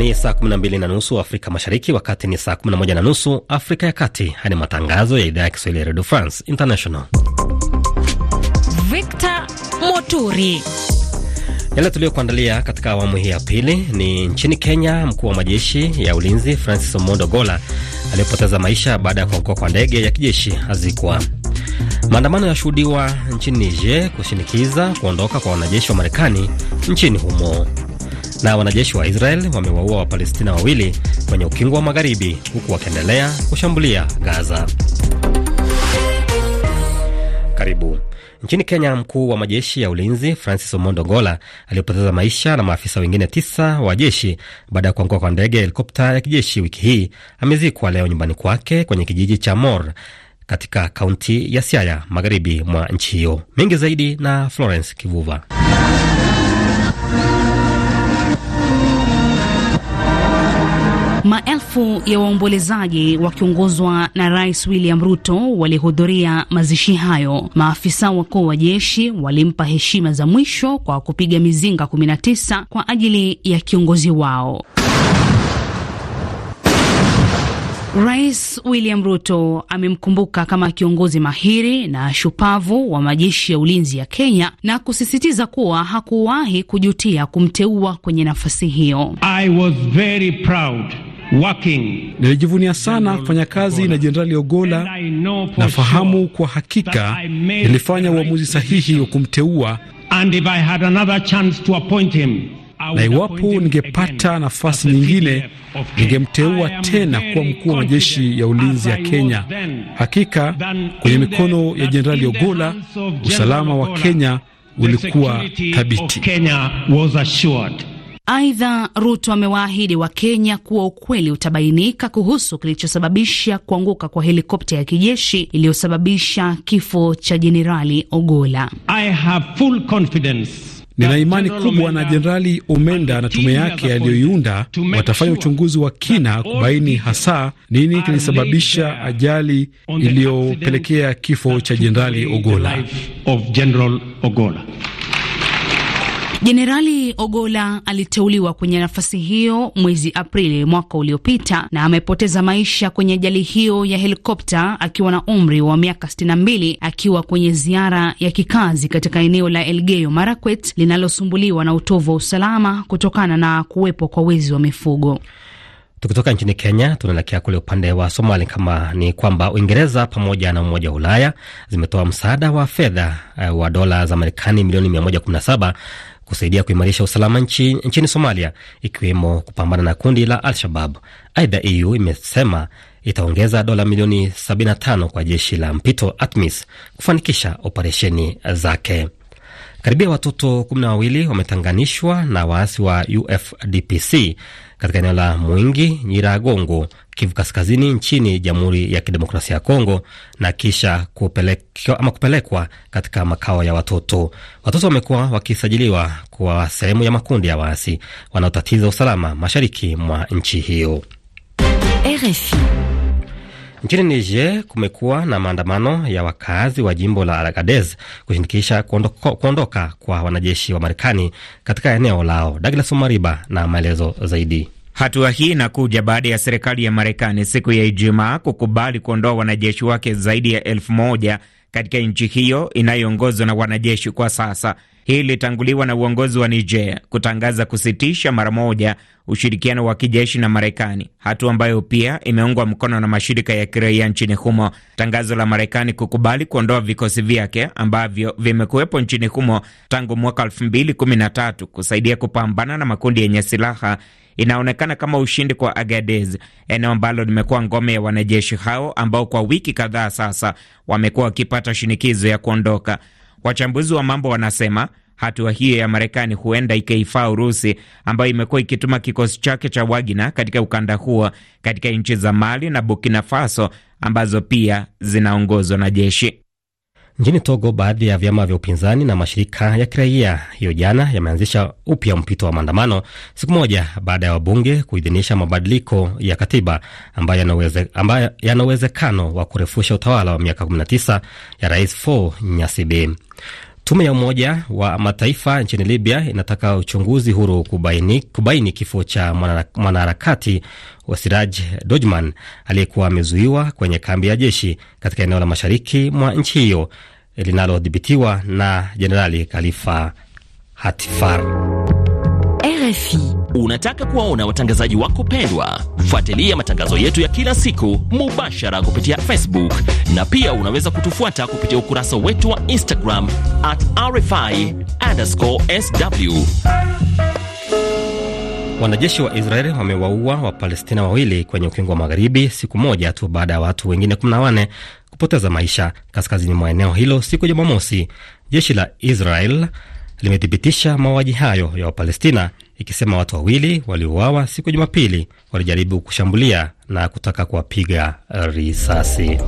Ni saa 12 na nusu Afrika Mashariki, wakati ni saa 11 na nusu Afrika ya Kati. Haya ni matangazo ya idhaa ya Kiswahili ya Redio France International. Victor Moturi. Yale tuliyokuandalia katika awamu hii ya pili ni nchini Kenya, mkuu wa majeshi ya ulinzi Francis Omondo Gola aliyepoteza maisha baada ya kuangukwa kwa ndege ya kijeshi azikwa. Maandamano yashuhudiwa nchini Niger kushinikiza kuondoka kwa wanajeshi wa Marekani nchini humo. Na wanajeshi wa Israel wamewaua Wapalestina wawili kwenye ukingo wa Magharibi, huku wakiendelea kushambulia Gaza. Karibu nchini Kenya. Mkuu wa majeshi ya ulinzi Francis Omondo Gola aliyopoteza maisha na maafisa wengine tisa wa jeshi baada ya kuangua kwa ndege helikopta ya kijeshi wiki hii amezikwa leo nyumbani kwake kwenye kijiji cha Mor katika kaunti ya Siaya, magharibi mwa nchi hiyo. Mengi zaidi na Florence Kivuva. Maelfu ya waombolezaji wakiongozwa na Rais William Ruto walihudhuria mazishi hayo. Maafisa wakuu wa jeshi walimpa heshima za mwisho kwa kupiga mizinga 19 kwa ajili ya kiongozi wao. Rais William Ruto amemkumbuka kama kiongozi mahiri na shupavu wa majeshi ya ulinzi ya Kenya na kusisitiza kuwa hakuwahi kujutia kumteua kwenye nafasi hiyo. I was very proud Nilijivunia sana kufanya kazi na Jenerali Ogola. Nafahamu kwa hakika nilifanya uamuzi sahihi wa kumteua na iwapo ningepata nafasi nyingine ningemteua tena kuwa mkuu wa majeshi ya ulinzi ya Kenya. Hakika kwenye mikono ya Jenerali Ogola usalama wa Kenya ulikuwa thabiti. Aidha, Ruto amewaahidi wa kenya kuwa ukweli utabainika kuhusu kilichosababisha kuanguka kwa helikopta ya kijeshi iliyosababisha kifo cha Jenerali Ogola. I have full confidence. Nina imani kubwa na Jenerali Omenda na tume yake aliyoiunda watafanya uchunguzi wa kina kubaini hasa nini kilisababisha ajali iliyopelekea kifo cha Jenerali Ogola. Jenerali Ogola aliteuliwa kwenye nafasi hiyo mwezi Aprili mwaka uliopita na amepoteza maisha kwenye ajali hiyo ya helikopta akiwa na umri wa miaka 62 akiwa kwenye ziara ya kikazi katika eneo la Elgeyo Marakwet linalosumbuliwa na utovu wa usalama kutokana na kuwepo kwa wezi wa mifugo. Tukitoka nchini Kenya tunaelekea kule upande wa Somali, kama ni kwamba Uingereza pamoja na Umoja wa Ulaya zimetoa msaada wa fedha eh, wa dola za Marekani milioni 117 kusaidia kuimarisha usalama nchi, nchini Somalia, ikiwemo kupambana na kundi la Al-Shabab. Aidha, EU imesema itaongeza dola milioni 75 kwa jeshi la mpito ATMIS kufanikisha operesheni zake. Karibia watoto kumi na wawili wametanganishwa na waasi wa UFDPC katika eneo la Mwingi Nyiragongo, Kivu Kaskazini, nchini Jamhuri ya Kidemokrasia ya Kongo, na kisha kupelekwa, ama kupelekwa katika makao ya watoto. Watoto wamekuwa wakisajiliwa kwa sehemu ya makundi ya waasi wanaotatiza usalama mashariki mwa nchi hiyo. RFI. Nchini Niger kumekuwa na maandamano ya wakazi wa jimbo la Agadez kushindikisha kuondoka, kwa wanajeshi wa Marekani katika eneo lao. Douglas Omariba na maelezo zaidi. Hatua hii inakuja baada ya serikali ya Marekani siku ya Ijumaa kukubali kuondoa wanajeshi wake zaidi ya elfu moja katika nchi hiyo inayoongozwa na wanajeshi kwa sasa. Hii ilitanguliwa na uongozi wa Niger kutangaza kusitisha mara moja ushirikiano wa kijeshi na Marekani, hatua ambayo pia imeungwa mkono na mashirika ya kiraia nchini humo. Tangazo la Marekani kukubali kuondoa vikosi vyake ambavyo vimekuwepo nchini humo tangu mwaka 2013 kusaidia kupambana na makundi yenye silaha inaonekana kama ushindi kwa Agadez, eneo ambalo limekuwa ngome ya wanajeshi hao ambao kwa wiki kadhaa sasa wamekuwa wakipata shinikizo ya kuondoka. Wachambuzi wa mambo wanasema hatua hiyo ya Marekani huenda ikaifaa Urusi ambayo imekuwa ikituma kikosi chake cha Wagner katika ukanda huo katika nchi za Mali na Burkina Faso ambazo pia zinaongozwa na jeshi. Nchini Togo, baadhi ya vyama vya upinzani na mashirika ya kiraia hiyo jana yameanzisha upya mpito wa maandamano siku moja baada ya wabunge kuidhinisha mabadiliko ya katiba ambayo yana uwezekano wa kurefusha utawala wa miaka 19 ya Rais Faure Gnassingbe. Tume ya Umoja wa Mataifa nchini Libya inataka uchunguzi huru kubaini, kubaini kifo cha mwanaharakati wa Siraj Dojman aliyekuwa amezuiwa kwenye kambi ya jeshi katika eneo la mashariki mwa nchi hiyo linalodhibitiwa na Jenerali Khalifa hatifar RFI Unataka kuwaona watangazaji wako pendwa? Fuatilia matangazo yetu ya kila siku mubashara kupitia Facebook na pia unaweza kutufuata kupitia ukurasa wetu wa Instagram at RFI underscore sw. Wanajeshi wa israel wamewaua Wapalestina wawili kwenye ukingo wa magharibi siku moja tu baada ya watu wengine 18 kupoteza maisha kaskazini mwa eneo hilo siku ya Jumamosi. Jeshi la Israel limethibitisha mauaji hayo ya Wapalestina ikisema watu wawili waliouawa siku ya Jumapili walijaribu kushambulia na kutaka kuwapiga risasi.